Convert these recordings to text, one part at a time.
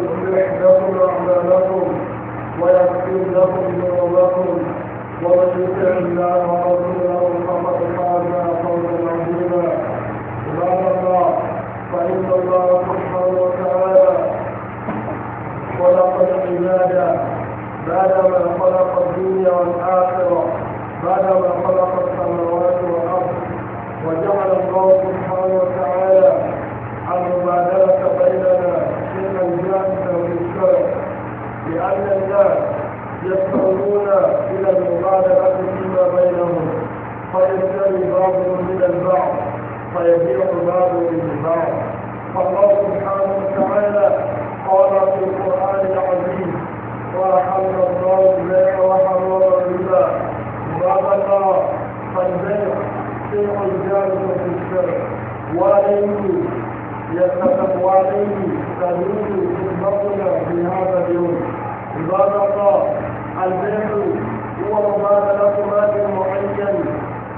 يصلح لكم أعمالكم ويغفر لكم ذنوبكم ومن يطع الله ورسوله فقد فاز فوزا عظيما عباد الله فإن الله سبحانه وتعالى خلق العباد بعدما خلق الدنيا والآخرة بعدما خلق السماوات والأرض وجعل الله سبحانه وتعالى المبادرة بيننا لأن الناس يسمعون إلى المبادرة فيما بينهم فيشتري بعضهم من البعض فيبيع بعضهم لبعض فالله سبحانه وتعالى قال في القرآن العظيم وحرم الله البيع وحرم الربا وبلغ فالبيع شيء جامد في الشرع وعليه يتفق وعليه قليل بقي في هذا اليوم عباد الله البيع هو مبادرة مال معين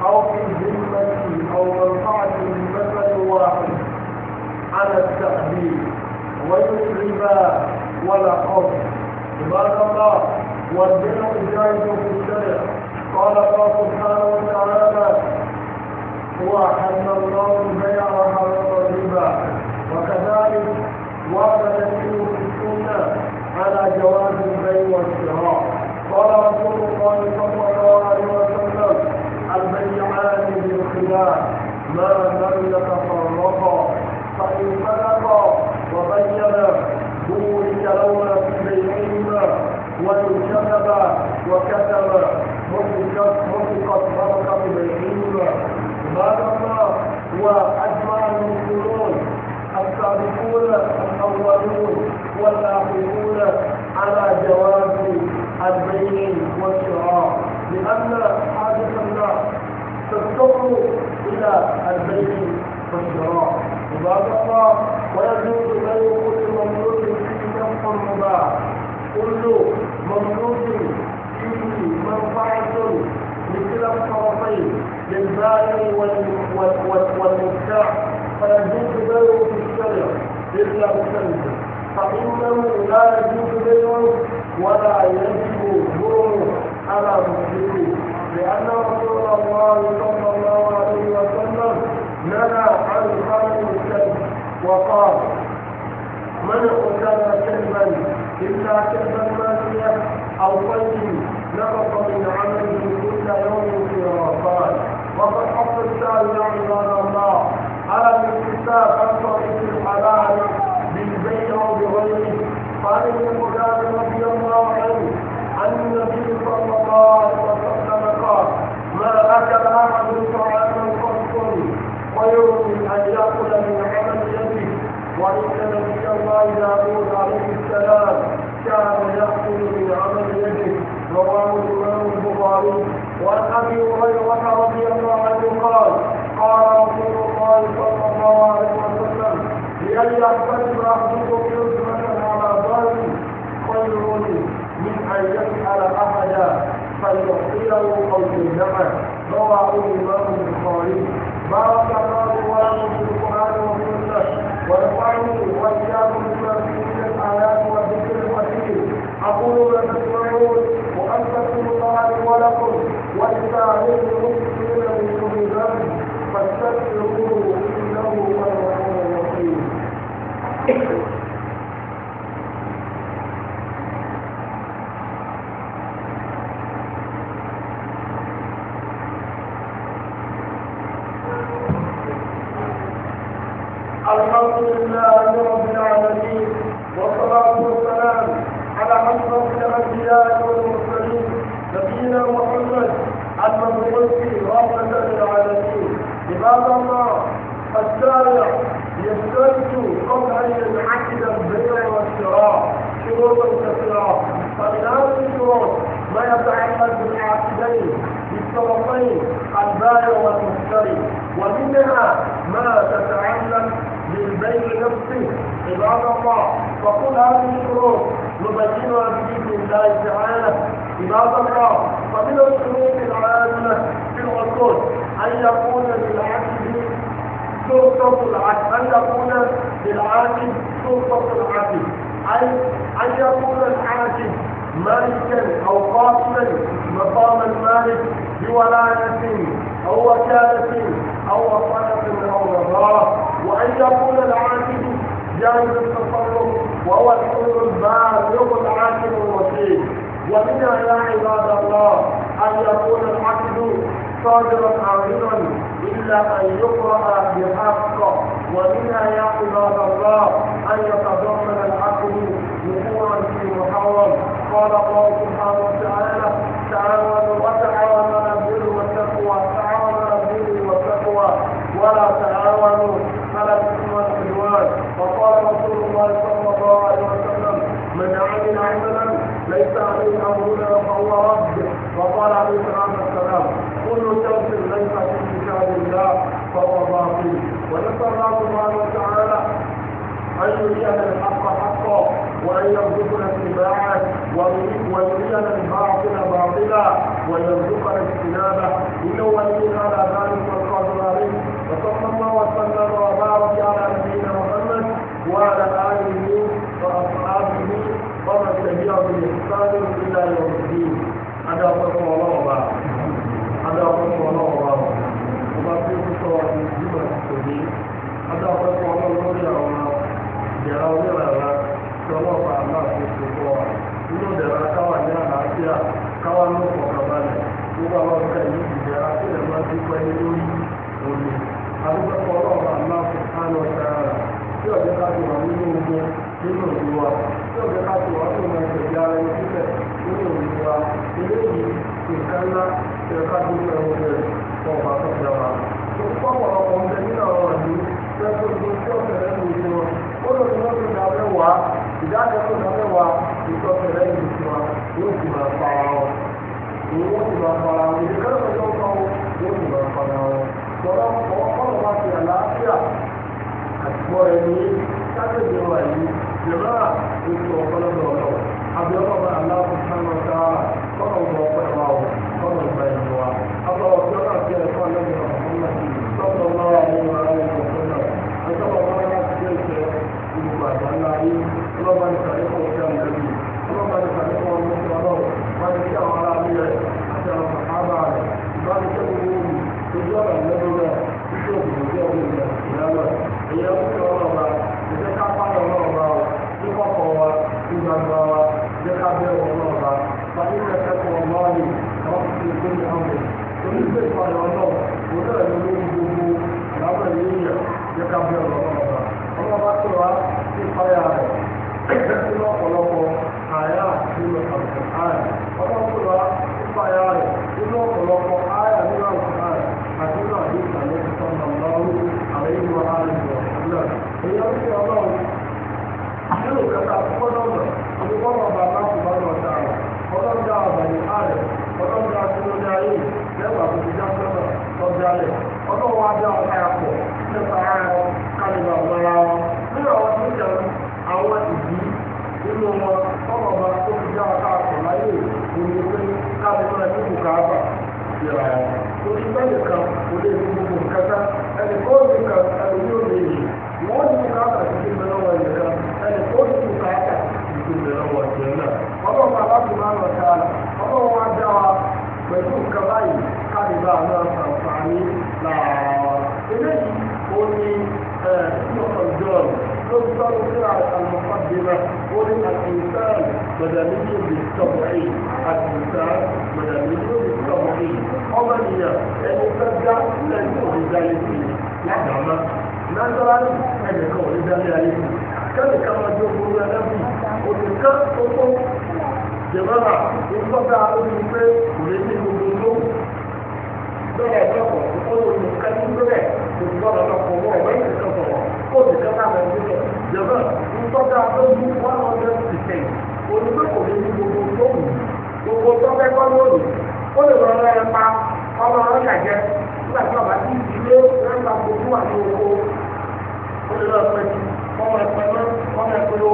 أو في ذمة أو منفعة لمثل واحد على التأديب ويسربا ولا خوف عباد الله والبيع جائز في الشرع قال الله سبحانه وتعالى هو حل الله البيع وحرم الربا وكذلك ورد العلم في على جواز البيع والشراء قال رسول الله صلى الله عليه وسلم البيعان بالخلاف ما لم يتفرقا فان فرقا وبين بورك لولا في بيعهما وان كذبا وكتب محقت بركه بيعهما بعدما هو الأولون والآخرون على جواز البيع والشراء لأن حاجة الناس تفتقر إلى البيع والشراء عباد الله ويجوز بيع كل مملوك فيه نفع مباح كل مملوك فيه منفعة لكلا الطرفين للبائع والمبتاع فيجوز بيعه في الشرع إلا بسند فإنه لا يجوز بيعه ولا يجب ظلمه على مسلمين لأن رسول الله صلى الله عليه وسلم نهى عن خمر الكذب وقال من قتل كلبا إلا كذبا ماشية أو طيب نفق من عمله كل يوم في رمضان وقد حصل الشاهد عباد الله على الاكتساب عن ابن مجاهد رضي الله عنه عن النبي صلى الله عليه وسلم قال ما اكل احد طعاما قط ويرضي ان ياكل من عمل يده وان نبي الله داود عليه السلام كان ياكل من عمل يده رواه الامام البخاري وعن ابي هريره رضي الله عنه قال قال رسول الله صلى الله عليه وسلم لئلا يحتج احدكم خير من أن يسأل أحدا فيعطيه أو يمنعه رواه الإمام البخاري بارك الله ولكم في القرآن والسنة ونفعني وإياكم بما فيه من الآيات والذكر كل هذه الشروط نبينها بإذن الله تعالى عباد الله فمن الشروط العامة في العقود أن يكون للعبد سلطة العقل أن يكون للعاقل سلطة العقل أي أن يكون العاقل مالكا أو قاتلا مقام المالك بولاية أو وكالة أو وصله أو رضاه وأن يكون العاقل جاهز التصرف وهو كل بالغ العاقل الوسيم ومنها يا عباد الله أن يكون العقل صادرا عاملا إلا أن يقرأ بحق ومنها يا عباد الله أن يتضمن العقل نفورا في محرم قال الله سبحانه وتعالى تعاونوا وتعاونوا على البر والتقوى تعاونوا على البر والتقوى ولا تعاونوا على الاثم والعدوان وقال رسول الله صلى الله عليه وسلم من عمل عملا ليس عليه امرنا فهو رد وقال عليه الصلاه والسلام كل شرط ليس في كتاب الله فهو باطل ونسال الله سبحانه وتعالى ان يرينا الحق حقا وان يرزقنا اتباعه ويرينا الباطل باطلا ويرزقنا اجتنابه انه ولي على ذلك والقادر عليه وصلى الله وسلم وبارك على نبينا محمد وعلى اله واصحابه ومن تبعهم بإحسان إلى يوم الدين أدعوكم الله وبارك أدعوكم الله وبارك وما فيكم سوى في الجمعة السبيل أدعوكم الله وبارك يراوي ولا سوى فعلا في السبوع inú ìdẹ̀rẹ̀ káwà ní àlàáfíà káwà ní ọ̀pọ̀kàbalẹ̀ gbogbo àwọn ọ̀sẹ̀ yìí ìdẹ̀rẹ̀ àtìlẹ̀ máa ti pẹ́ ní lórí òní àdúgbò ọlọ́run àlá fún àlọ́ ìtara rẹ̀ tí ọ̀dẹ́ká ti wà nínú ogun nínú ìlú wa ṣe ká tó fẹ́ wọn bẹ̀rẹ̀ fún ọba tó fẹ́ wa. Ìfọwọ́ ọkọ̀ ń bẹ nínú ọ̀rọ̀ yìí fẹ́ tó tó tí ọ̀fẹ́ rẹ̀ ló ṣe wọn. Ó lọ sí lọ́sùn ìdá mẹ́wàá ìdájọ́ tó dá mẹ́wàá ìtọ́fẹ́ rẹ̀ ló ṣe wọn yóò sì máa fa ara wọn. Ìwọ́n sì máa fa ara wọn. Ìdíkẹ́rẹ́ tó ń fa wọn yóò sì máa fa ara wọn. Sọ̀rọ̀ ọ̀pọ̀lọpọ̀ bá ti àlàáfíà àtìgbọ́ ẹni kájọ̀dé wa yìí. Jẹ̀mọ́ bá náà sàǹfààní láàárọ̀. eléyìí ó ní ìyọ̀kan john ló ń sọ sí àlùmọ́kàdínà ó ní àtìntàn mọ̀dàmíyàn lè sọ̀rọ̀ yìí àtìntàn mọ̀dàmíyàn lè sọ̀rọ̀ yìí ọmọ nìyàn ẹni tó dá lẹ́yìn òní dáyé sí i ládàámá ládàámá ẹnìkan òní dáyé ayé sí i kẹ́lẹ̀ ká máa jó gbogbo ẹlẹ́bí òní tó tó jẹ̀mọ́ra ìfọ́dà ó ní pé òní bẹ́ẹ̀ lọ́kọ̀ tó ní kájú bẹ́ẹ̀ kò sí ọ̀rọ̀ lọ́kọ̀ wọ́n ọ̀rọ̀ yìí lọ́kọ̀ wọ́n kó sì kẹ́kọ̀ọ́ àwọn ẹgbẹ́ rẹ̀ jọ̀bọ̀ ń tọ́ka tó one hundred percent olùdókòwò ní gbogbo tóòmù gbogbo tọ́kẹ́ kọ́ lóòlù ó lè rọra ẹ pa ọmọ ọjà jẹ nígbà tí ọba ti ìdílé wọn gba gbogbo àti oko ó lè lọ pẹ ọmọ ẹpẹ mọ ọmọ ẹpẹ lọ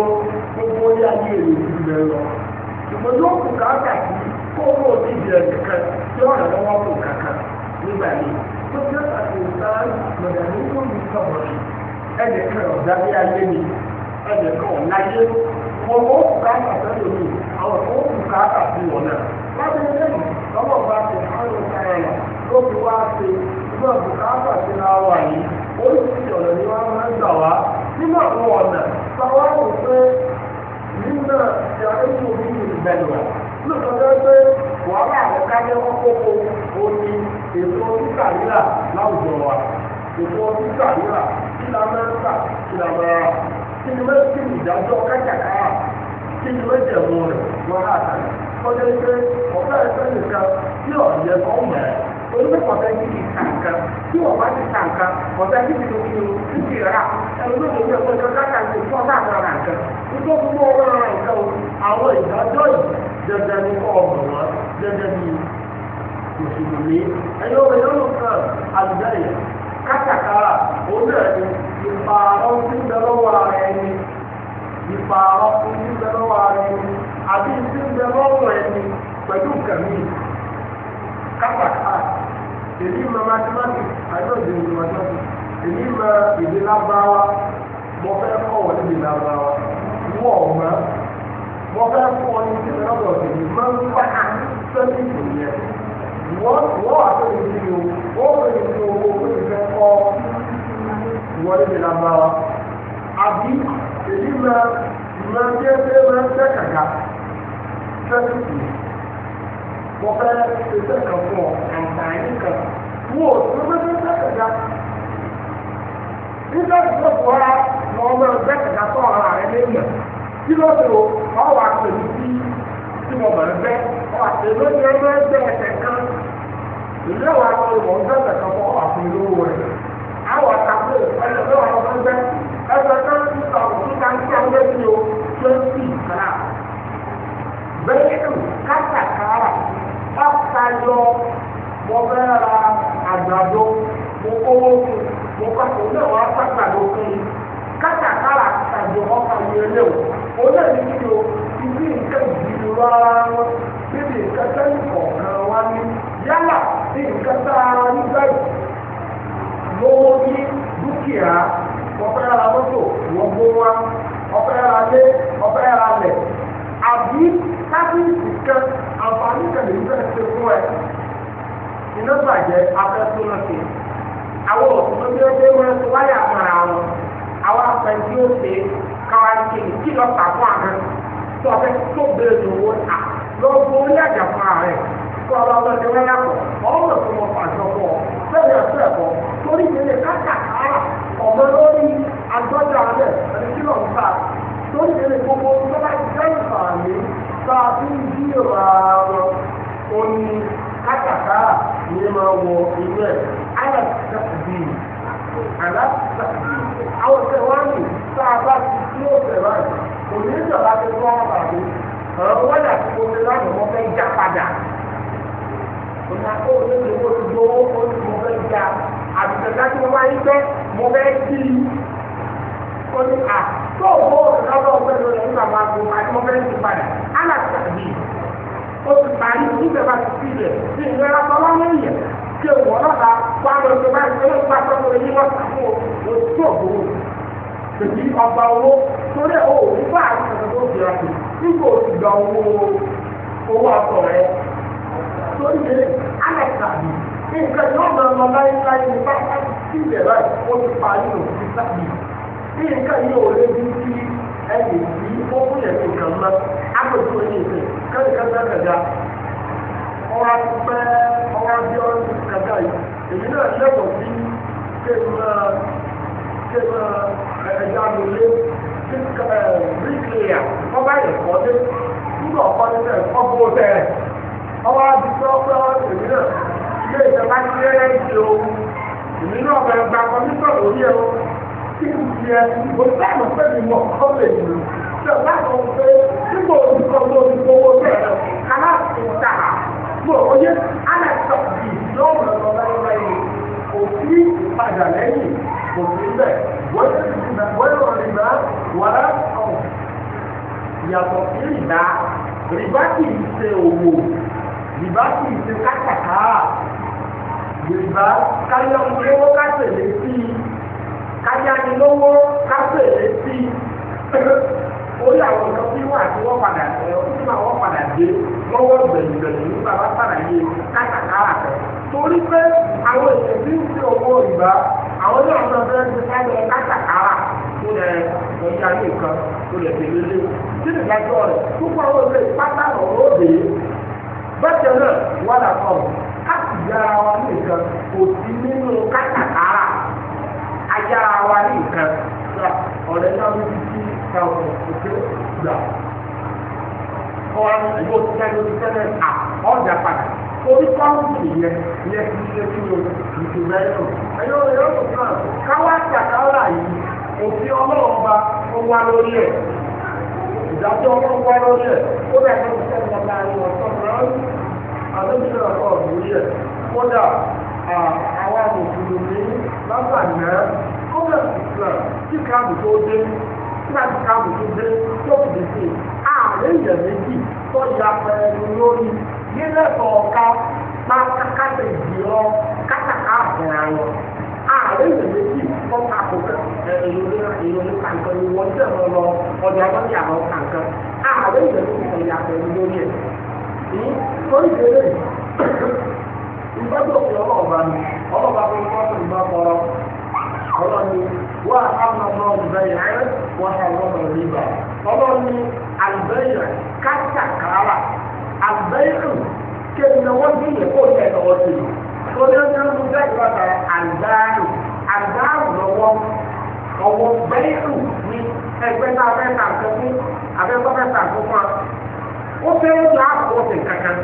gbogbo ní èrè ìdílé lọ ṣùgbọ́n yóò kù káàkiri nígbà yìí tó jẹ́ àtìwòsàn mọ̀dàní tó ń bọ̀ wọ̀nyí ẹnì kan ọ̀dà bí ayé ni ẹnì kan ọ̀láyé wọn ó kù káàkà sẹ́yìn mi àwọn kan ó kù káàkà sí wọn náà. rírà láwùjọ wa ètò títà rírà kí la máa ń tà ni wọ́n ti ní ìdájọ́ kájàkáyà kí ni wọ́n jẹ̀ mọ́ rẹ̀ wọ́n rà àtàlẹ́ kọjá pé ọ̀gá ẹ̀fẹ́ nìkan tí ọ̀yẹ́ kọ́ mọ̀ ẹ́ olùkọ́ kọ̀tà yìí kàǹkà tí wọ́n bá ti kàǹkà kọ̀tà yìí tó kí o títí rà ẹni tó lè wọ́n tó káka ní fún ọ̀tá àgbà kàǹkà nítorí gbogbo ọ̀rọ̀ rẹ̀ o àwọn ìdájọ́ yìí dandan ní kọ́ ọ̀gbọ̀n wọn dandan ní mùsùlùmí ẹ̀yọ́ ìyọ́nù kan àlùjáde kátàkárà òun náà ni ìpààrọ̀ tí ń bẹ lọ́wọ́ ara ẹni ìpààrọ̀ tí ń bẹ lọ́wọ́ ara ẹni àbí tí ń bẹ lọ́wọ́ ẹni pẹ̀lú kàmí kátàkárà èmi ma mathematics àyọ̀ ìdè ìdè mathematics èmi ma ìdè lábáwá mo fẹ́ kọ́ wọ́n ìdè lábáwá wọ́n ọ̀ma mo fẹ́ kọ́ wọ́n ìdè lábáwá èmi máa ń fa sẹ́mi. máa máa bí ẹgbẹ́ máa tẹ́ kàkà sẹ́kì tì mo fẹ́ ṣe sẹ́kà kan wò ó tí mo fẹ́ nígbà tí mo fọ́ ra mo máa tẹ́ kàkà fún ọ̀rọ̀ rẹ lẹ́yìn kí ló dé o ọ wà pẹ̀lú bí tí mo máa bẹ́ ọ wà pẹ̀lú bí ẹ máa bẹ́ ẹsẹ̀ kan ìlú ẹ̀wà ni mo ń tẹ́ kàkà fún ọ wà pẹ̀lú owó rẹ̀ àwọn àtàkùn ìpẹ́lẹ̀ lọ́wọ́ ọmọ ẹgbẹ́ ẹgbẹ́ kan ń sọ̀rọ̀ kàńtì ayé ti o twenty náà bẹ́ẹ̀ kátàkárà ọ̀sà yọ mo fẹ́ ra àgbàdo mo kówó fún mo pàtó náà wọ́n á pàgbàdo fún mi kátàkárà tàbí ọ̀sà yẹ lé o ó lè ní kí o ibi nǹkan ìdílé rárá wọn níbi nǹkan sẹ́yìn kọ̀ọ̀kan wá ní yálà ní nǹkan sára nígbà yìí lówó ní dúkìá ọ̀fẹ́ ra mọ́tò wọ́n gbó wá ọ̀fẹ́ ra lé ọ̀fẹ́ ra lẹ̀ àbí sábìsì kan àǹfààní kẹlẹ̀ ń fẹ́ ṣe fún ẹ iná bàjẹ́ abẹ́tún náà ṣe àwọn òṣùwọ̀n tí ó dé wọn ti wáyà mọ́ra wọn àwọn apẹ̀ntì ó ṣe káwá ṣe kí lọ tà fún àná tó ọ̀fẹ́ tó bèrè lówó e à lọ́gbọ́n ó yàjà fún ààrẹ kó ọlọ́gbọ́n ti wáyà pọ̀ ọ̀hún lọ́sọ̀rọ̀ pàṣọ pọ̀ bẹ́ẹ̀ ni ọ̀ṣọ́ ọ̀pọ̀ lórí agbọ́jà rẹ̀ ẹni tí lọ́n ta tó ń ṣe gbogbo tó bá jẹ́ ìfààní tá a fi ń jí ìrọ̀ ààrọ̀ oní kátàkárà ní máa wọ inú ẹ̀ alásàbí alásàbí àwọn ọ̀sẹ̀ wáyé tá a bá ti tí ó fẹ̀ wáyé òní ìjọba ti tọ́ ọ̀rọ̀ àbí ọ̀rọ̀ wáyà tí mo ti láyọ̀ mọ́ fẹ́ já padà òní àkóhùn ní ìdíwọ́ ti gbowó ó ti fẹ́ já àbùkẹ́ká tí mo bá yí pẹ́ mo fẹ́ kí i ó ní à tó bó lọ́dọ̀ ọgbẹ́ ẹ̀ nígbà máa gbó àti mo fẹ́ kí i padà ala tàbí o ti parí níbẹ̀ bá ti fi yẹ kí n lọ́ra tọ́lá lóyè kí o wọ̀ lọ́ta wà lọ sí báyìí pé lóògbà tó lórí yín wọ́n sàmú o tó o bó tòbí ọgbà owó torí o ò ní bá àwọn ọ̀sán tó fi ọ̀sán nígbà o ti gba owó owó ọkọ̀ rẹ̀ nítorí pé alẹ́ka mi nǹkan yóò máa lọ láéláé ní pápá sí ìbẹ̀rẹ̀ ó ti parí òfin sábì bí nǹkan yìí ò lè bí kí ẹnì tí ó kún yẹn ní nǹkan mọ́ agbègbè òní ìfẹ́ kẹ́nìkan bẹ́ẹ̀ kẹ̀dá ọ̀rá ti pẹ́ ọ̀rá bí ọ̀rá ti kẹ̀dá yìí èyí náà lẹ́kọ̀ọ́ sí kéwà kéwà ẹ̀dá lólé bíríkìlìyà ọba ẹ̀kọ́ dé nígbà ọ̀pá nípa ẹ̀kọ́ bó tẹ̀ ọwọ́ àti sọ́kọ́ èmi náà ilé ìjọba ti rẹ́rẹ́ ìṣe o èmi náà bẹ̀rẹ̀ gba kọ́mítọ̀ lórí ẹ̀ o kí n ti ẹ mo sáàmù pé mi mọ̀ kọ́ lè lò ṣe báwo pé tí mo ti kọ́ mo ti gbowó bẹ́ẹ̀ kálá tó ta mo oyé alẹ́ sọ̀tì lọ́wọ́ lọ́wọ́ lẹ́yìn kò sí ìpadà lẹ́yìn kò sí bẹ́ẹ̀ wọ́n ti ti nà wọ́n lọ rìbá wàrà ọ̀ yàtọ̀ sí rìbá rìbá kì í ṣe òwò ìbá sì ṣe kátàkà ìbá káyọ̀ lówó kásèlé sí i káyọ̀ lówó kásèlé sí i orí àwọn ọ̀dọ́ tí wà tí wọ́n padà ẹ̀ tí màá wọ́n padà dé lọ́wọ́ gbẹ̀yìn gbẹ̀yìn ní bàbá padà yé kátàkárà rẹ̀ torí pé àwọn èèyàn tí ń fi owó ìgbà àwọn ní àwọn ọ̀dọ́ ti sáyẹ kátàkárà tó lẹ ọjà ní nǹkan tó lẹ tẹ̀lé lé tí nìgbàjọ́ rẹ̀ púpọ̀ àwọn ọ̀dọ́ ìpátá lọ́wọ́ bẹ́ẹ̀ náà wọ́n là kọ́ a sì yára wa ní nǹkan kò sí nínú kátàkárà a yára wa ní nǹkan ọ̀rẹ́ náà ló ti kí ẹ̀wọ̀n òkè gbà ọ̀rẹ́ ìlú òṣìṣẹ́ ló ti tẹ́lẹ̀ à ọ̀dà padà orí kọ́ńtù nìyẹn ìyẹn ti ṣe kí o ìṣòro ẹ̀rọ ẹ̀yọ́ ẹ̀rọ kò tán káwá ṣàkárà yìí òfin ọlọ́run ba ó wá lórí ẹ̀ ìdájọ́ ọlọ́run wá lórí ẹ̀ ó bẹ̀rẹ̀ àlejò ẹ̀kọ́ lórí kódà àwọn mùsùlùmí lásàmì ẹ̀ kọ́mẹ̀sì islam tí káàbù tó dé nígbà káàbù tó dé tó ààrẹ ìyẹ̀ méjì tó ya pẹ̀lú lórí ni wọ́n jẹ́ lọ ọjà lọ́jà àwọn kàǹkan ààrẹ ìyẹ̀ méjì tó ya ní torí ni ẹgbẹ́ náà fẹ́ ó fẹ́rẹ́ tó àpò ọ̀sẹ̀ kankan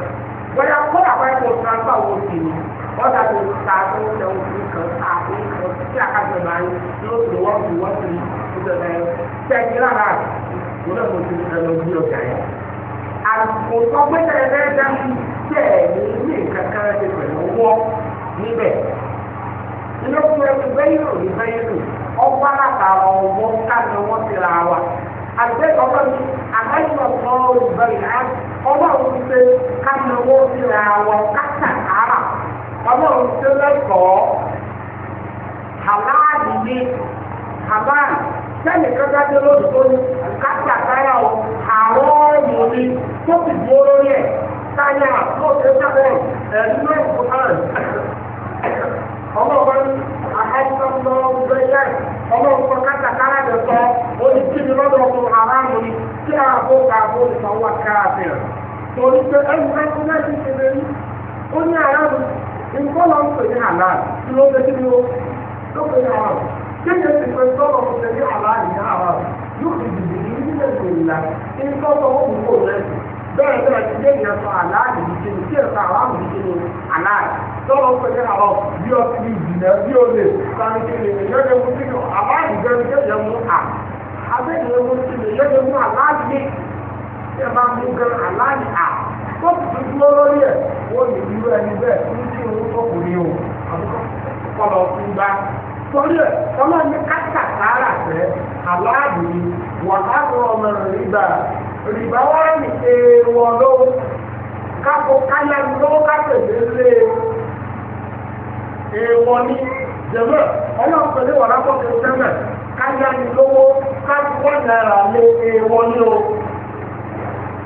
bóyá kó àpá ẹ̀kọ́ transfer owó sí ni wọ́n dàbí ta tó ń lẹ́wọ̀n fún kan àbí kan tí àkàtúntò máa ń lò lò wọ́n fi wọ́n fi ó tẹ̀ ẹ́ tẹ̀sí lára kó náà mo ti ẹ̀ lọ bí ọjà yẹn. àpò ọgbẹ́tẹ̀ ẹgbẹ́ dání tẹ̀ ní ilé kankan ti pẹ̀lú wọ́ níbẹ̀. ilé fún ẹgbẹ́ yìí ò ní bẹ́yìí lò ọgbà àgbẹ̀kọ̀ bá mi àgbẹ̀kọ̀ mọ́ olùgbà ìyá ọlọ́run ti ṣe ká mọ owó ìra wọn kátàkárà ọlọ́run ti ṣe lẹ́kọ̀ọ́ àláàdì ni àbáà sẹ́ni kankan dé lóṣù kátàkárà o àwọn ọ̀rọ̀ mi tó ti dúró ẹ̀ sáyà tó ṣe sábẹ̀ ẹ̀ nínú ẹ̀kọ́ náà. torí pé ẹnu ẹnu náà ti ṣe lórí ó ní aráàlú nǹkan lọ ń pè ní àlá tí ló fẹ́ kí ni ó ló pè ní aráàlú kí ni èsì pé tó lọ pè ní àlá ní aráàlú yóò fi dìbò ní ilé ìwé ìlà nǹkan tó ó kúkú rẹ̀ bẹ́ẹ̀ bẹ́ẹ̀ ti dé ìyẹn sọ àlá àdìdì ní kí ẹ̀ka àwọn àmì ṣe ní àlá tó lọ pè ní àlọ́ bí ó ti ìdìnnà bí ó lè tí ẹ máa mú gan aláàlì à tó ti dúró lórí ẹ̀ wọ́n lè dúró ẹni bẹ́ẹ̀ ní kí owó tó kù ní o kọlọ̀ fún gbá torí ẹ̀ ọlọ́run ní káàkà sáárà fẹ́ aláàbò ni wàhálà ọmọ rìbá rìbá wà ní èèwọ̀ lọ́wọ́ kápò káyà lọ́wọ́ kápẹ̀lẹ́ lé èèwọ̀ ní jẹ̀mọ́ ọlọ́run pẹ̀lú wàhálà fọ́kẹ́ sẹ́mẹ̀ káyà lọ́wọ́ kápẹ̀lẹ́ lé èèwọ̀ ní o.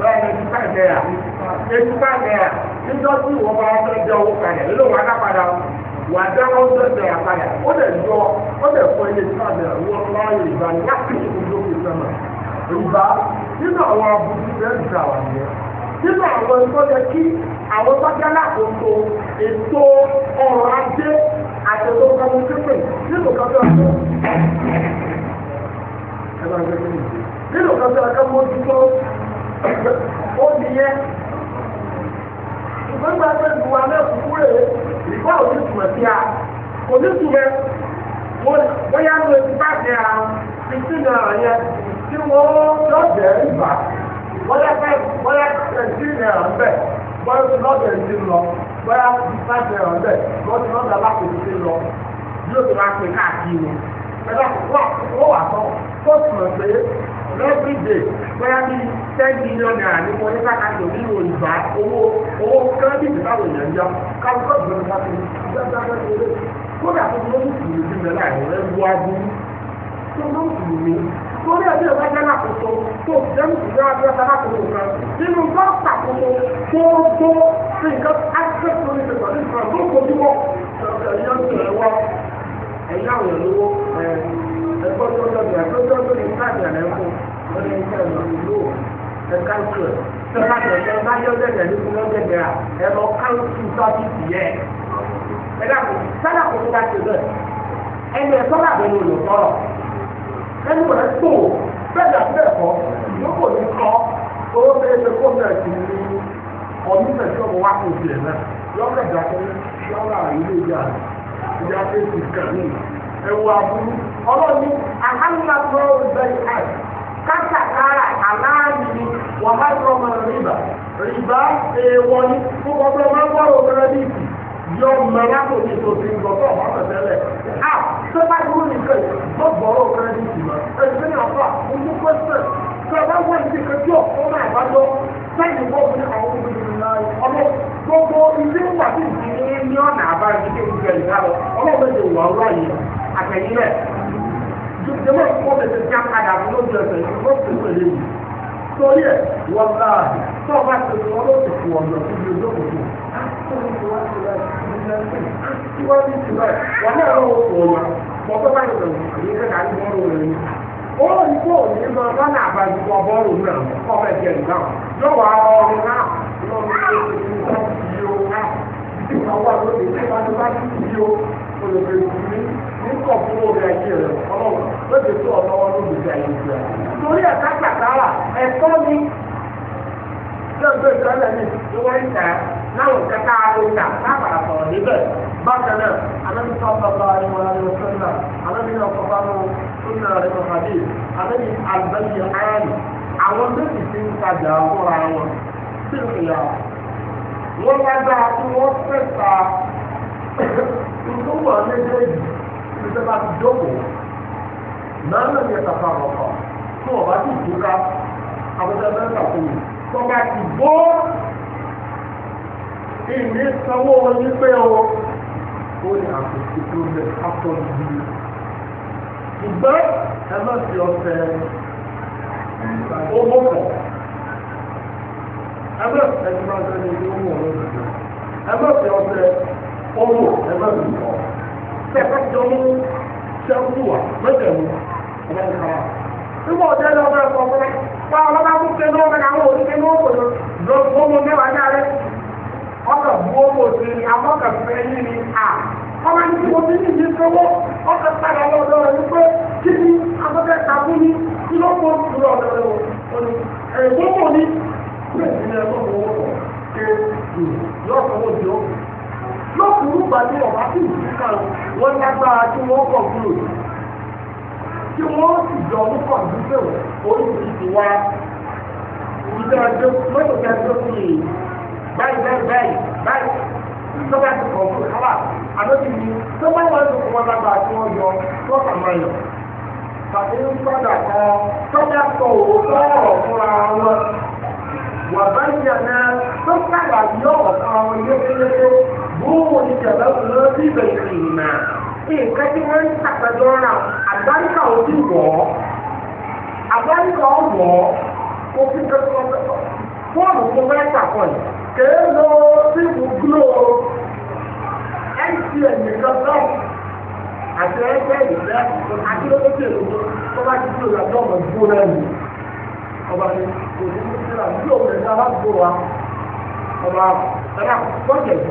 bẹ́ẹ̀ ni eighty five naira eighty five naira níjọ́ tí ìwọ bá fẹ́ jẹ owó kalẹ̀ ló wà ná padà wà dá wọn fẹ́ bẹ̀rẹ̀ padà ó lè yọ ó lè fọ iye tí wọ́n bẹ̀rẹ̀ wọ́n bá yẹ ìgbà ní láti ìlú òkè sẹ́mà ìgbà nínú àwọn abúlé bẹ́ẹ̀ ń ta wà nìyẹn nínú àwọn ẹgbẹ́ yẹ kí àwọn bájá lákòóso ètò ọrọ̀ ajé àtẹ̀tò kọ́mọ́tẹ́pẹ̀ nínú kọ́tẹ́ ọ̀dọ́ nínú ó di yẹn ìgbẹ́ gba pé náà kúkú rè ìgbà òní sí a òní bóyá ló ti bá jẹ a fìtí náà yẹn tí wọ́n yọ jẹ́ ìgbà bóyá fẹ́ bóyá ẹ̀jí náà ń bẹ̀ bóyá ti lọ́dọ̀ ẹ̀jí lọ bóyá ti bá jẹ ọ̀ bẹ̀ bóyá ti lọ́dọ̀ alákòóso lọ yóò ti máa pè káàkiri wọn ẹ̀dá wà wà sọ́wọ́ kó mọ̀ pé lẹ́bí dè bóyá bí ten million naira ní mo ní káka tó nínú ìgbà owó owó kírẹ́dìtì báwo yẹn ń yọ káwọn kọ́ ìgbọ́n ká fi gbẹ́gbẹ́gbẹ́ lé kódà tó ló ń sùn ní ìgbà láì rẹ̀ wú abúlé tó ló ń sùn ní torí ẹbí ọba jẹ́ lákòóso tó jẹ́nu ìjọba bí ọba lákòóso kan nínú bá ṣàkóso gbogbo nǹkan access to the people nǹkan tó kojú wọ ẹ̀yọ́ ìrẹ̀wọ́ ẹ̀yọ́ ìrẹ̀lówó ẹ̀ẹ́ ẹgbọ́ tó lọ́bì àtọ́jọ́ tó lè ká àgbàlẹ̀ kó lórí ìlú ẹ̀ka ìṣù tẹ́lá tẹ̀lé báyọ̀ dẹ̀dẹ̀ ní kúlọ́ dẹ̀dẹ̀ à ẹ̀rọ káńtù sábì tìyẹ. ẹ̀dá kò sálà kò tó bá ti bẹ̀ ẹni ẹ̀ sọ́là bẹ̀ ló lò sọ̀rọ̀ ẹni wọ̀n tó bẹ́ẹ̀ dà kọ́ ìyókò ní kọ́ owó ẹ̀wù àbúrú ọlọ́ọ̀ni àhánilàbọ̀ ìbẹ̀rẹ̀ àì kátàkárà aláàbìrì wà á lọ mọ rìbá rìbá èèwọ̀ ni fún ọgbẹ́ wọn gbọ́dọ̀ obìnrin ní ìsìn yọ mẹ́rà kò ní tòsí ìgbọ̀tọ̀ ọ̀hún tẹ̀lé à ṣé bá dúró nìkan yóò gbọ́dọ̀ obìnrin ní ìsìn mọ́ ẹ̀sìn ní àpá ojú pẹ́sẹ̀ tí ọba wọ́n ti kẹjọ́ ọmọ àbájọ sẹ́yìn bọ́ fún àwọn obìnrin náà ọmọ gbogbo ilé wà sí ìdílé ní ọ̀nà àbájọ kékeré ìgbà lọ ọmọ àtẹ̀yìn rẹ̀ jùmọ̀ kó tètè já padà fún lójú ẹsẹ̀ yìí ó sì wọlé yìí torí ẹ̀ wọ́n bá a tó bá ti sọ ọ́ ló ti fò ọ̀nà síbi ojú òkòtò síwájú ti báyìí wọn náà lọ́wọ́ fò ọ̀nà mọ̀ tó bá yọ̀ ní ìfẹ́ náà ní bọ́ọ̀lù rẹ̀ ni ó ní kó o ní máa bá náà bá ju bọ́ọ̀lù náà kọ́ bẹ́ẹ̀ jẹ́ nígbà wọn lọ́wọ́ àwọn ọ̀run náà lọ́wọ́ ní ìfẹ́ nítorí fún orí ayé rẹ ọlọ́run lóde tó ọ̀nà wọn ló lùdí ayé rẹ. torí ẹ̀ka gbàgbára ẹ̀kọ́ ni lọ́gbẹ́ ìtọ́lẹ̀ mi ni wọ́n ń tẹ̀ láwọn kẹta ló ń tà lábàrà sọ̀rọ̀ níbẹ̀. bákan náà anábì tó ọkọ̀ bá ẹni wọn lọ sí ọ̀nà anábì náà ọkọ̀ bá lọ sí ọ̀nà rẹ̀ lọ́kọ̀ bí anábì àgbẹ̀yẹ ayáni àwọn méjì ti ń tajà fúnra wọn sí ìyá wọn lágbára tí wọ́n fẹ́ ta ìdúgbò méjèèjì ìṣe bá ti dókòó náà lè ní ẹ̀ka fún àwọn kan tí wọ́n bá ti dúkà àbúrò mẹ́ta fún mi tó bá ti bó ìní sanwó yín pé o ó ní àkókò tó lè kátó yìí ṣùgbọ́n ẹ má fi ọ̀sẹ̀ owó pọ̀ ẹ má fi ẹni máa ń sẹ́ni owó ọ̀rọ̀ ẹ má fi ọ̀sẹ̀ owó ẹ má fi pọ̀ tẹ ẹ jọ mú sẹ́kù wa mẹ́tẹ̀ ọmọ nǹkan wa. Nígbà òde lọ bẹ fọ wá ọmọ bá fún kéde ọmọ náà wọ́n òní kéde lọ fún ọmọ mẹ́wàá ní alẹ́. Ọkọ̀ bu ọmọ òsì ni àbọ̀kọ̀ fẹ́ yín ni à. Ọmọ ní mo ti ní ìfowó, ọkọ̀ padà lọ lọ rẹ̀ wípé kí ni afẹ́fẹ́ ta fún mi kí ló kó dùrọ̀ ọ̀dọ̀ rẹ̀ lọ́kùnrin gbàdé ọ̀bá sì ní kan wọ́n lágbára tí wọ́n kọ̀ kúrò tí wọ́n sì jọ ọmú kọ̀ nígbà oríṣi ti wá ìjọ ẹjọ́ mọ́tò kẹjọ sí i báyìí báyìí báyìí báyìí tó bá ti kọ̀ fún ìkábà àdókì ni tó bá wọn ti kọ̀ lágbára tí wọ́n yọ tó kà máa yọ. Bàbá ń gbọ́dọ̀ kan tọ́jà sọ òótọ́ ọ̀rọ̀ fúnra wọn wà bá ń yànnà tó kàwá yọ ọ̀kan wọn òun ìjọba òun bí ìbẹ̀rẹ̀ ìrìnà nǹkan tí wọ́n ń ṣàpẹjọ ra àgbáríkà ojú wọ̀ ọ́ àgbáríkà ọ̀wọ̀ òfin kankan fóònù tó fẹ́ tàkọ̀ yìí kèé lọ síbu glo mtn nìkan náà àti ẹgbẹ́ ìfẹ́ àti lókè èdè tó bá ti glo ìyàtọ̀ ọmọ ìgbó náà nìyí ọba ni kò ní kí n síra bí òun ẹ̀dá bá gbó wa ọba ẹ̀dá pọ́jẹ̀tì.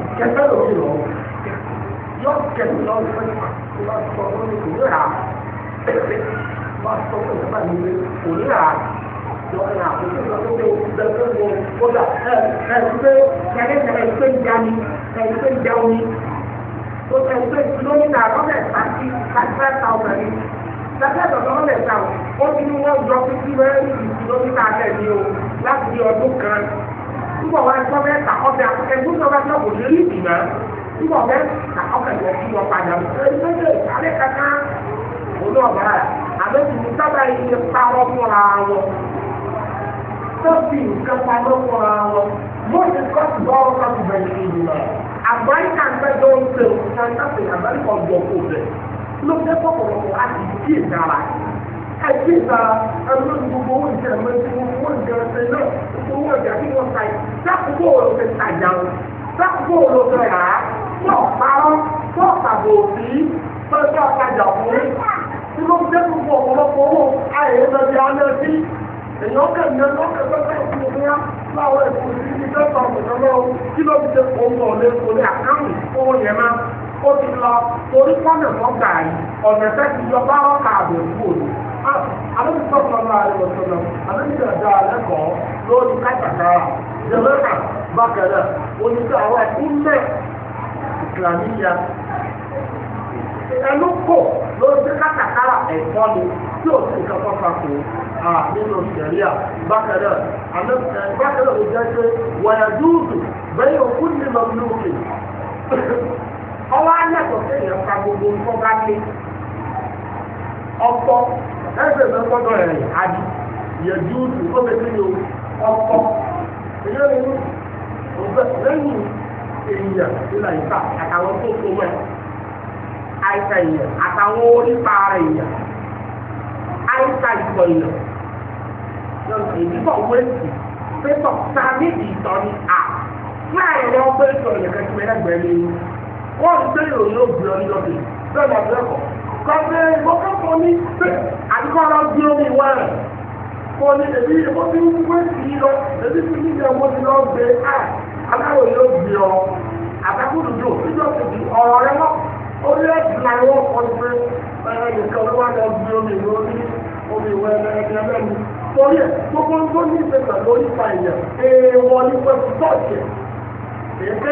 kẹfẹ́ ló fi lọ yọ kẹfẹ́ lọ fẹ́ kó bá sọ wọn ní kò ní rà bá sọ fún ìjọba mi ní kò ní rà yọ tó tó bẹ tó tó kódà ẹ ẹ pé kẹlẹ ẹ pé ń ja ni ẹ pé ń ja omi tó àti five thousand ni lọ́dẹ̀ lọ́dẹ̀ ó ti ní wọ́n jọ fífi kìlómítà rẹ̀ o láti ọdún kan nígbà wọn ẹgbẹ́ bẹ́ẹ̀ ta ọbẹ̀ àkókò ẹgbẹ́ tó bá tó kò ní rí ìgbà nígbà bẹ́ẹ̀ ta ọbẹ̀ yẹn kí wọ́n padà ẹgbẹ́ alẹ́ kaka òun ọ̀gá rẹ̀ àbẹ́tù ní sábà yìí ti parọ́ fúnra wọn sọ́ọ̀tì nǹkan parọ́ fúnra wọn mọ́ọ̀sì kọ́ọ̀tù bọ́ọ̀rọ̀ kọ́ọ̀tù bẹ̀rẹ̀ ìgbìmọ̀ àgbáríkà ń bẹ́ẹ̀ dọ́ọ̀ ń pè é ṣáńtà pè àgbáríkà ọ̀gbọ̀n kò bẹ̀ ló fẹ́ kọ́kọ̀rọ̀ kọ́ àti díè dára yìí ẹbí ta ẹlú gbogbo owó ìṣe ẹ̀mọ́ tí wọ́n wọ́n jẹ ẹsẹ̀ náà gbogbo owó ìjà kí wọ́n ta yìí sákòókò wo ló fẹ́ tajà o sákòókò wo ló fẹ́ rà á fọ́ parọ́ fọ́ pàbò òbí pẹ̀lú àtajà òkúrú tí ló ń jẹ́ gbogbo ọ̀pọ̀lọpọ̀ owó ayé lọ́dí alẹ́ sí èèyàn kẹ̀mí ẹ̀kọ́ kẹ̀kọ́ kẹ̀kọ́ fẹ́ ó ti lọ torí kọ́nà tó gbà yìí ọ̀nà tẹ́ ti yọ bá ọkà àbẹ̀ kú òní. àlejò tó kọ́ lọ àlejò tó lọ àlejò tó dá lẹ́kọ̀ọ́ lórí kátàkárà jẹ̀mẹ́kà bákẹ́lẹ̀ oníṣẹ́ àwọn ìmẹ̀ ìsìlámíyà ẹnu kò lórí kátàkárà ẹ̀kọ́ ni tí o sì kọ́ kọ́ kọ́ nínú sẹ̀ríà bákẹ́lẹ̀ bákẹ́lẹ̀ ò jẹ́ pé wọ̀nyẹ̀ dúdú bẹ́ẹ̀ òkú ni mọ̀lúùkì ọwọ́ àyàtọ̀ sí èèyàn ka gbogbo nǹkan bá lé ọkọ ẹgbẹ́ mi gbọ́dọ̀ rẹ̀ àjù yẹ̀dú tù ó bẹ̀ nínú ọkọ èyí ni òbẹ̀ lẹ́yìn èèyàn nílà ìfà àtàwọn tó tó mọ́ àìsàn èèyàn àtàwọn onípa ara èèyàn àìsàn ìtọ̀ èèyàn ìdíbọ̀ wéèsì pépọ̀ sáà níbi ìtọ́ ni à láì lọ pé ìtọ̀ kẹ́kẹ́ mẹ́rẹ́gbẹ̀ẹ́ lé wọ́n ń gbé ìròyìn òbí ọ níjọ́ bíi bẹ́ẹ̀ ni àbẹ́kọ̀ kọ́ńtẹ́ ìgbọ́kẹ́kọ̀ọ́ ní pé àdúgbò ọ̀rọ̀ bí omi wá rẹ̀ kọ́ ní èmi ìbọn tí ń gbé sí i lọ èmi ti ní ìyàwó ti lọ gbé à aláwọ̀ yóò gbé ọ àtàkùnrin yóò níjọ́ kejì ọ̀rọ̀ rẹ mọ́ orí ẹ̀sìn làwọn ọkọ̀ gbé ẹnìkan ló wá lọ gbé omi ìwé omi omi ìwé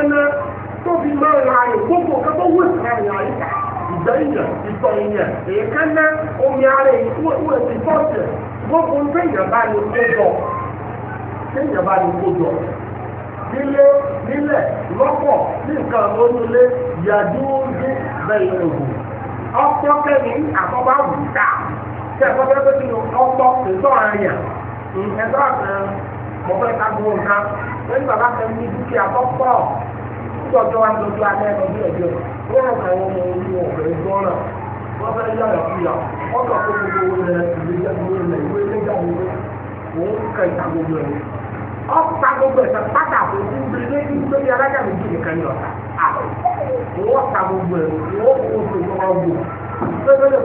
ẹlẹ́ni tó fi máa ra rẹ̀ gbogbo kan tó wù sí àyà rẹ̀ ká ìgbẹ́ ìyàn ìtọ̀ ìyàn èékánná omi ara ìwé ìfọ̀sẹ̀ gbogbo téèyàn bá ní kó jọ téèyàn bá ní kó jọ nílé nílẹ̀ lọ́pọ̀ ní nǹkan lónúlé yàdúró bẹ́ẹ̀ lòdù ọ̀pọ̀ kẹ́mi àkọ́bá wù tà kí ẹ̀kọ́ bẹ́ẹ̀ bẹ́ẹ̀ nínú ọ̀pọ̀ ìtọ́ àyà ẹ̀dọ́ àgbẹ̀ mọ̀fẹ́ ká gbọ́ nǹkan nígbà bá kẹ́mi ní dúkìá tó tí ọjọ́ wa ń alẹ́ ẹ̀rọ bí ẹ̀jẹ̀ wọ́n rọ̀ àwọn ọmọ orí ọ̀rẹ́ ìgbọ́nà wọ́n fẹ́ yára fi yà wọ́n kà kó gbogbo owó rẹ̀ ìwé jáde rẹ̀ ìwé ilé jáde òun kà ìta gbogbo rẹ̀ ọ̀pá gbogbo ẹ̀sẹ̀ pátá òkú gbélé ìgbélé alájà ní tó bí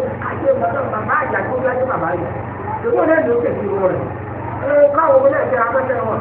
ayé màmá yìí èwo náà ló kẹ̀sí wọn rẹ̀ káwọn ọmọ náà ṣe afẹ́fẹ́ wọn.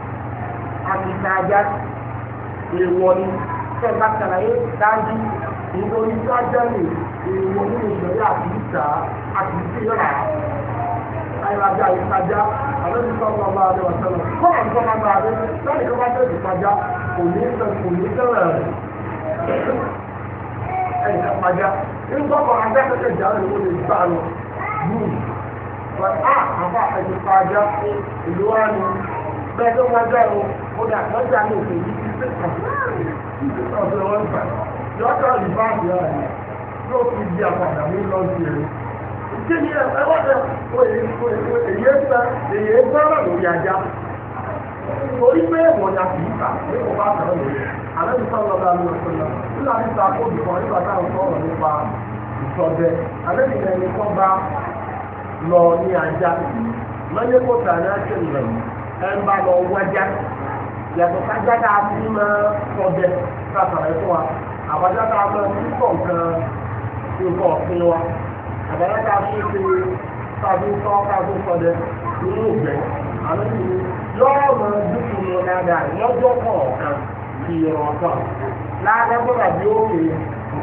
àtìkájá èèwọ̀ ni tẹ́ bá ṣàlàyé dájú nítorí sájà lè èèwọ̀ nínú ìgbẹ́lẹ́ àti ìta àti ìfìlà ayélujára ìtajà àlejò sọ́kọ̀ ọba àdé wà sẹ́lẹ̀ kọ́ọ̀n tó máa gba àdé lẹ́yìn tó bá tẹ̀ ìtajà kò ní sẹ́ kò ní sẹ́lẹ̀ ẹ̀yìn ìtajà nígbàkọ̀ adẹ́kẹ̀kẹ̀ jà lè wọlé gbà lọ yìí wọ́n á àbá ẹ̀yìn ìtajà ìlú wa ni bẹ́ẹ̀ tó wájà lọ kódà lọ́jà ní òkè yìí ọ̀sẹ̀ wọn gbà lọ́jọ́ ìbáàdì ọ̀rẹ́ yẹn yóò fi di àpàdà ní lọ́ọ̀dì rẹ̀. Ìdí ni ẹ̀fọ́dẹ̀ èyí ẹgbẹ́ èyí ẹgbẹ́ náà lórí ajá. Torí pé ìwọ̀nyà kì í kà ní ọba àtàwọn èyí. Àlẹ́ ti sọ̀rọ̀ lọ́dọ̀ àmì ọ̀sẹ̀ náà. Nígbà tí ta kó ìbọn nígbà táwọn sọ̀rọ̀ nípa ìsọdẹ. Àlẹ́ ti ẹni kọ́ bá lọ ní ajá. Lọ́yẹ́ kó tà ní yàtọ̀ kájá tá a ti máa sọdẹ ká fún wa àbájá tá a máa ti pọ̀ nǹkan nǹkan ọ̀sìn wa àbájá tá a fi ṣe kájú kọ́ kájú sọdẹ nínú ìgbẹ́ àmì lọ́wọ́ máa dúkùú ní dáadáa lọ́jọ́ kọ̀ọ̀kan kì í rọ̀ tán láàárọ̀ bọ́dà bí ó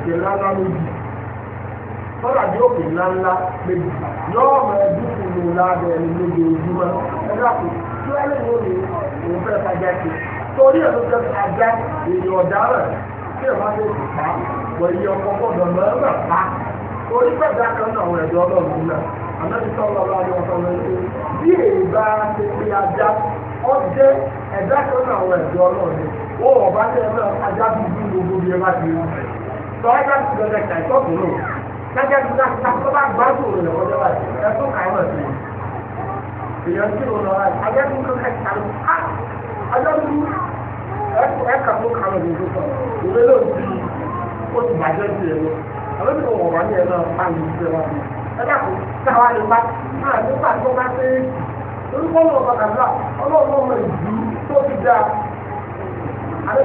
kè òkè ńláńlá méjì bọ́dà bí ó kè ńláńlá méjì lọ́wọ́ máa dúkùú ní dáadáa ní lójoojúmọ́ ẹ òun fẹ́ fàjà sí torí ẹ̀ ló fẹ́ fàjà èyí ọ̀daràn tí ẹ̀ máa ń lò pa wọ̀nyí ọkọ̀ gbọ́dọ̀ mẹ́rẹ̀ pa torí pẹ̀lú akẹ́kọ̀ọ́ àwọn ẹ̀dọ́ ọlọ́run náà àmọ́tí sọ̀rọ̀ ọ̀la ni wọ́n sọ wọn pé bí èyí bá ti fi ajá ọ jẹ́ ẹ̀dá kan náà àwọn ẹ̀dọ́ ọlọ́run ó wọ̀ bá tẹ̀ náà ajá bí bí gbogbo bí ẹ bá ti rí sọ ajá ti gbọdọ̀ kà ẹ̀tọ́ kùnú kájá ti dá ká tó bá gbádùn rẹ̀ ọjọ́ báyìí ẹ̀tún kà á náà ti rí èèyàn tí ò lọ rà yìí ayé nínú ẹ̀ka ló ká ayé nínú ẹ̀ka tó ká lọ nínú sọ ìwé ló ti ó ti bàjẹ́ sí ẹ lọ àwọn ènìyàn wọ̀ wá ní ẹ náà bá mi ṣe wá mi ẹ dàpọ̀ táwa lè bá náà nígbà tó bá ṣe é orúkọ náà bàtà bíà ọlọ́run ọmọ ìlú tó fi dáa alẹ́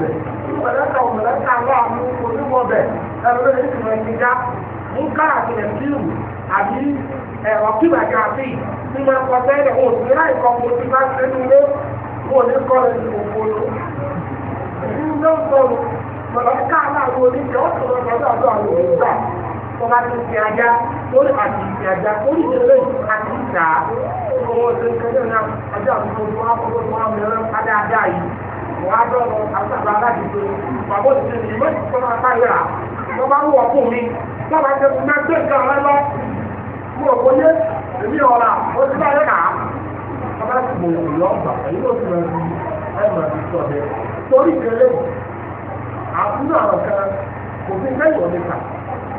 bẹ̀ mọ̀lẹ́kà ò mọ̀lẹ́kà wà mú onímọ̀bẹ̀ ẹ̀rọ ní ìtumọ̀ ìdíjà ń kára àtìlẹ̀ fíìmù àbí ẹ̀rọ kíbà gàfí tí wọ́n kọ sẹ́lẹ̀ wọn ò sí láì kọ́ mo ti bá ṣe ní ilé wọn ò ní kọ́ ẹ̀ ní òfòló. ìlú ló ń sọ̀rọ̀ mọ̀lẹ́kà aláàbò oníṣẹ́ ó sọ̀rọ̀ lọ́dọ̀ àdó àwọn òṣìṣà tó bá ti ti ajá lórí àti ìsìn ajá lórí ìdílé àti ìsà owó ọdún kẹjọ náà ajá àti ìfowópamọ́ àkọ́kọ́ tó wà mẹ́rẹ́ wọ́n á dọ́rọ̀ àtàgbà aláàjìgbé bàbá òṣìṣẹ́ ni ìmọ̀ ìṣẹ́ máa bá yẹra wọ́n bá wọ̀ fún mi wọ́n bá tẹ̀kù náà gbé nǹkan rẹ lọ mo rò bóyá èmi ọ̀la ó ti bá yẹ kà á. wọ́n bá ti mọ̀ òyìn ọgbà èyí ló ti rẹ̀ ẹ̀ mọ̀ ti sọ bẹ́ẹ̀ torí ìdílé àbúrò àwọn kan kò fi lẹ́yìn ọ̀dẹ kà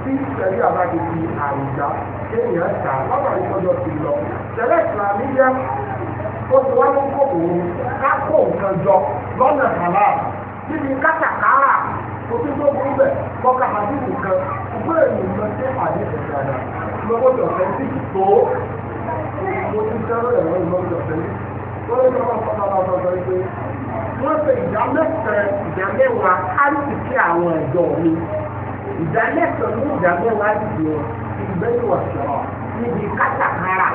tí ìṣẹ̀lẹ̀ àbájáde àrùjá kéèyàn ta lọ́wọ́ ó ti wá ní jọ lọ́nà àlá níbi kátàkárà kò tó burú bẹ̀ kọ́ka àbí nìkan ṣùgbọ́n èyí lọ sí àdé ìdàgbà lọ́wọ́dọ̀ fẹ́ntì tó mo ti dárò ẹ̀rọ lọ́wọ́dọ̀ fẹ́ntì wọ́n lé lọ́wọ́ fọ́nà lọ́wọ́ pé wọ́n ṣe ìdá mẹ́sàn-án ìdá mẹ́wàá àwọn ẹ̀dọ́ mi ìdá mẹ́sàn ní ìdá mẹ́wàá áìsìkí wọn ìgbẹ́yìí wà sọ̀rọ̀ níbi kátàkárà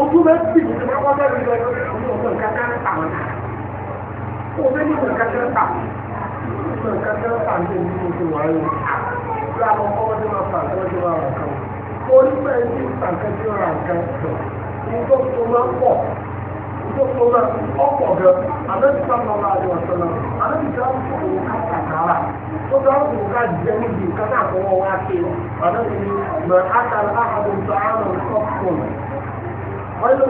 ojú bẹ ti ní ọwọ́ bẹ rí lọ ní ọgbọ́n kankan ń tàn án òun bẹ ní ọgbọ́n kankan ń tàn ọgbọ́n kankan ń tàn ní ojú ojú wà á yọ lọ àwọn ọkọ ọdún máa fà kọ́ ọdún máa rà kan orí bẹ́ẹ̀ ní ìtàkẹ́ tí ó ra nǹkan sọ ìjọ tó máa ń pọ̀ ìjọ tó máa ń ọ̀pọ̀ gan àbẹ́bíkà máa wà ní ọ̀sán náà àbẹ́bíkà ń fọ òun ká kàkàrà tó bá òun ká jẹ níbi nǹkan náà fọwọ́ wá sí àbẹ́bíkà máa á kàrà áhàbọ̀ tó á lọ sọ́kùnrin. خير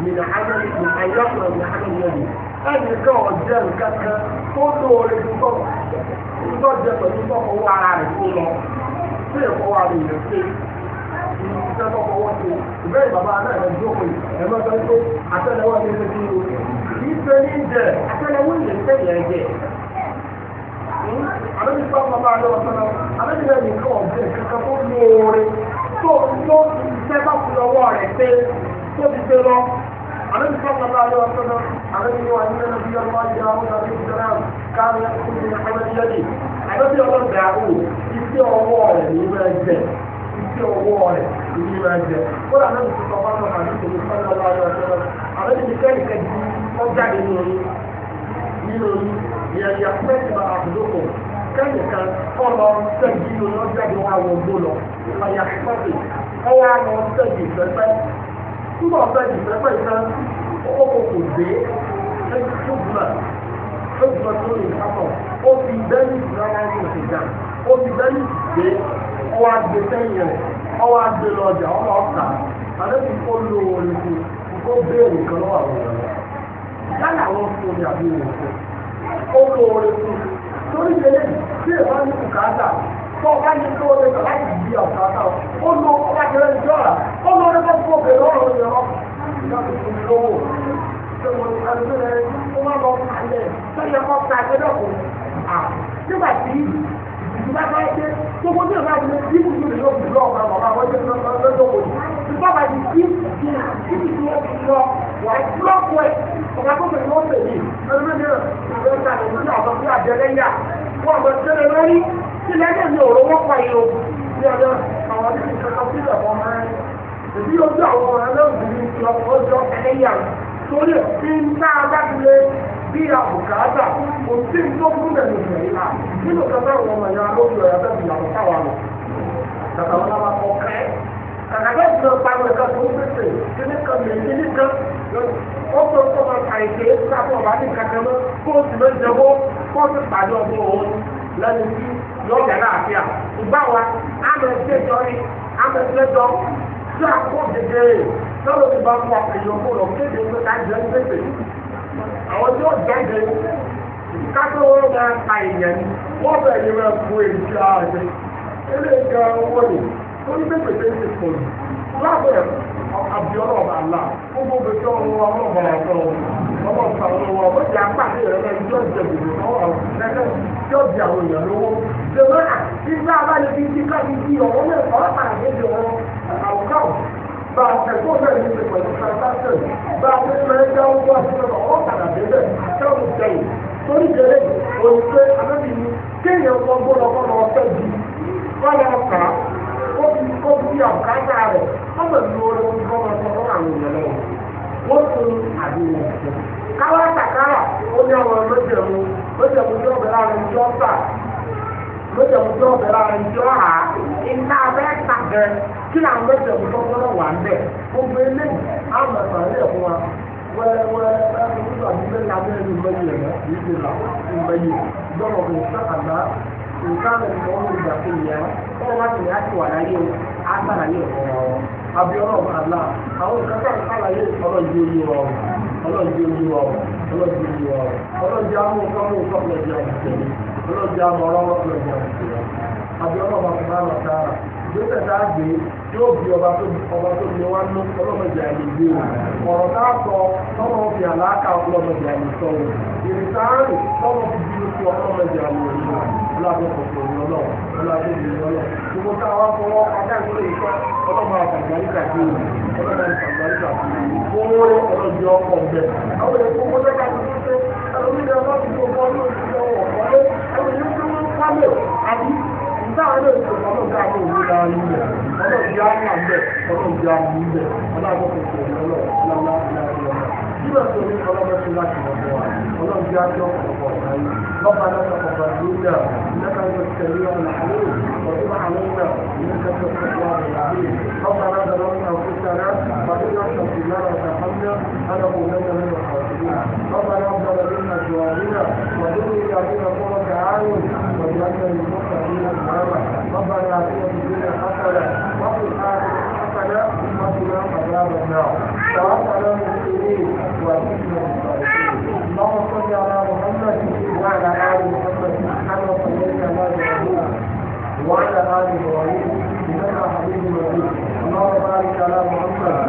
من عمل من أن يقرأ من عمل يومي ẹnì kan ọ̀jẹ̀ nǹkan kan tó lóore tó tó jẹ pẹ̀lú tọ́kọ̀wọ́ ara rẹ̀ tó lọ sí ìfọwọ́ rẹ̀ yẹn pé iṣẹ́ tọ́kọ̀wọ́ ṣe ìbẹ́ẹ̀ bàbá náà rẹ̀ jókòó ẹ̀mọ́ sọ pé àtẹlẹwọ́ ní ẹgbẹ́ tí ó kì í ṣe ní jẹ àtẹlẹwọ́ yẹn pé yẹn jẹ. àbẹ́bí sọ bàbá rẹ̀ wọ́n sọ́nà àbẹ́bí rẹ̀ nìkan ọ̀jẹ̀ nǹkan tó lóore tó tó iṣẹ́ bá ọwọ́ rẹ̀ pé tóbi ṣe lọ àlejò sọ́kà náà yọ ọ̀sọ́nà àlejò yóò wà ní ẹnu bí ọmọ ayé àwọn àti ìjọba káàmì ẹkùn ní ọmọ ẹyẹ ni àlejò ọmọ dàrú iṣẹ́ ọwọ́ rẹ̀ ní ìwé ẹ̀jẹ̀ iṣẹ́ ọwọ́ rẹ̀ ní ìwé ẹ̀jẹ̀ ó rà lẹ́nu sọ́kà wọn náà àti ìjọba sọ́kà náà yọ ọ̀sọ́nà àlejò ní kẹ́rì kẹ́rì ọjà nínú yín nínú yín yẹ̀yẹ̀ pẹ́ẹ́tì àbúrò kẹ́nìkan kọ́lọ sẹ́gi lọ́jọ́ a wọ̀gbọ́ lọ ọ̀yà pọ́ọ̀tì ọwọ́ àwọn sẹ́gi pẹ́pẹ́ túbọ̀ ọ̀fẹ́ ìfẹ́fẹ́ ìfẹ́ owó kò dé ẹgbẹ́ tó tó lè sábọ̀ ó fi bẹ́ẹ̀lì ìfúnra ní ìjà ó fi bẹ́ẹ̀lì dé ọwọ́ agbe sẹ́yìn rẹ̀ ọwọ́ agbe lọ ọmọ ọ̀tà àdébí kó lo olùkú kó béèrè kan lọ́wọ́ àwọn ọ̀rẹ́ yálà àwọn fún mi àbí òun fún ó lo olùkú torí kele tí èèyàn bá tó ọba ní tó ọdẹ tó láti di ọ̀sán àtàwọn ó lo ọba jẹrẹ ní jọ́ra ó lo ọdẹ fún òkè lọ́rọ̀ ní ọ̀rọ̀ ìjọba ìfúnni lówó ṣé mo ní ẹni tó lẹ ó má lọ kalẹ̀ tó yẹ kó ta ẹgbẹ́ kò à nígbà tí ìjọba bá yẹ tó mo ní ìlú àti ní bí kùtù lè lọ kù lọ ọba ọba wọn jẹ lọ́dọ̀ kò ìgbà bá ti kí kí kùtù lọ kù lọ wà á tí wọ́n kọ ẹ̀ ọ̀gá tó bẹ̀rẹ̀ wọ́n tẹ̀lé ẹni tó ní ìlú àti ní àjẹlẹ́yà wọ́n àgbẹ̀ tẹ́lẹ̀ lórí sílẹ̀ ní èmi ò rówó yìí o ní ọjọ́ àwọn ọdún ìṣẹ́kọ̀ọ́ sílẹ̀ wọn máa ń èbí ojú àwọn ọ̀rẹ́ lọ́gbìn ní ọjọ́ ẹlẹ́yà torí bí n tá a bá bí àbùkátà kò sí tó kún lẹ̀ lòdì ẹ̀yìn náà nínú kẹta àwọn ọmọ ìyá lójú ẹ̀yà bẹ́ẹ̀ bìyà lọ sáwà lọ kàkà wọn náà kọ kẹ́ kàkà bẹ́ẹ̀ ti lọ parí ẹ̀ka tó ń pèsè kíní kan lè kíní kan ó tó tó máa yóò jẹ láàfíà ìgbà wa àmì ẹgbẹjọ ni àmì ẹgbẹjọ tí a kó dédé lọ́wọ́ ti bá fún wa èyí ọkọ lọ kéde pé ká jẹ ní pépè àwọn tí ó kátó wọn máa ta ìyẹn wọn bẹ̀rẹ̀ yẹn máa fún èyí tí a rẹ̀ ilé ìgbà owó ni ó ní pépè tó ti lábẹ́ àbí ọlọ́ọ̀bà àlà gbogbo bẹ̀rẹ̀ ọ̀rọ̀ wa ọlọ́ọ̀bà ọ̀tọ̀ ọmọ ìsàlọ̀ wa ó jẹ́ apáàdé rẹ̀ lẹ́yìn tí ó jẹ gbogbo ọ̀rọ̀ lẹ́yìn tí ó jẹ àwọn èèyàn lówó. Ṣèwé àtijọ́ abáyé fi ti ká ibi ọ̀wọ́ mẹ́fà ọ̀pàdé méje wọn àwòkáwò. Bá a fẹ́ tó bẹ̀rẹ̀ ní ṣe pẹ̀lú transaction. Bá a fẹ́ fẹ́ jẹ́ owó àtúntò bí ọ̀kájà rẹ̀ wọ́n lè lu olórí fọ́mọ tó fún àwọn èèyàn lọ́wọ́ wọ́n fún àdéhùn ẹ̀sẹ̀. káwá tàkárà ó ní àwọn lójẹ̀mú lójẹ̀mú tí láàrin tí ó fà lójẹ̀mú láàrin tí ó hà abẹ́ tàgẹ̀ kí làwọn lójẹ̀mú tó fọ́nà wà ń gbogbo eléyìí àwọn ẹ̀fọ́ ẹ̀fọ́ wa wẹ́rẹ́wẹ́rẹ́ nǹkan ọ̀hún ọ̀hún ìgbà tó yẹ ọ́ wọ́n wá sí ní àti wà láyé o á sàlàyé ọ̀rọ̀ wọn àbí ọlọ́run àlá àwọn nǹkan tó ń sàlàyé ọlọ́ọ̀dì ojú wa ọ̀ ọlọ́ọ̀dì ojú wa ọ̀ ọlọ́ọ̀dì ojú wa ọ̀ ọlọ́ọ̀dì amúnkọ́ mú kọ́pọ̀lọ́dì àbùkẹ́lẹ́ ọlọ́ọ̀dì amọ̀ ọlọ́wọ́ kọ́pọ̀lọ́dì àbùkẹ́lẹ́ àbí ọlọ́run àlá ìgbésẹ̀ tá a gbé yóò bí ọba tó bí ọba tó bí wa nú ọlọ́mọdé àyè gbé o ọ̀rọ̀ tá a sọ tọ́mọ fi àlàáka ọlọ́mọdé àyè sọ o ìrìntàárì tọ́mọ fi bínú sí ọlọ́mọdé àyè òní ọlọ́dún kòkòrò ní ọlọ́wọ́ ọlọ́dún ní ọlọ́wọ́ gbogbo tá a wá fọwọ́ adágbélé ìfọ́ ọlọ́mọ àgbàgbàríkà dé o ọlọ́mọ àgbàgbàríkà dé o owó ọlọ́dún ọkọ̀ ọ̀bẹ àwọn èèyàn kó kó ربنا تقبل منا انك انت السميع العليم وتب علينا انك انت التواب الرحيم ربنا ظلمنا انفسنا وان لم تغفر لنا وترحمنا لنكونن من الخاسرين ربنا اغفر لنا جوارنا وذرياتنا قرة اعين وجعلنا للمتقين إماما ربنا آتنا في الدنيا حسنة وفي الآخرة حسنة وقنا عذاب النار توفنا مسلمين وأكرمنا الصالحين اللهم صل على محمد وعلى آل محمد كما صليت على إبراهيم وعلى آل إبراهيم إنك حميد مجيد اللهم بارك على محمد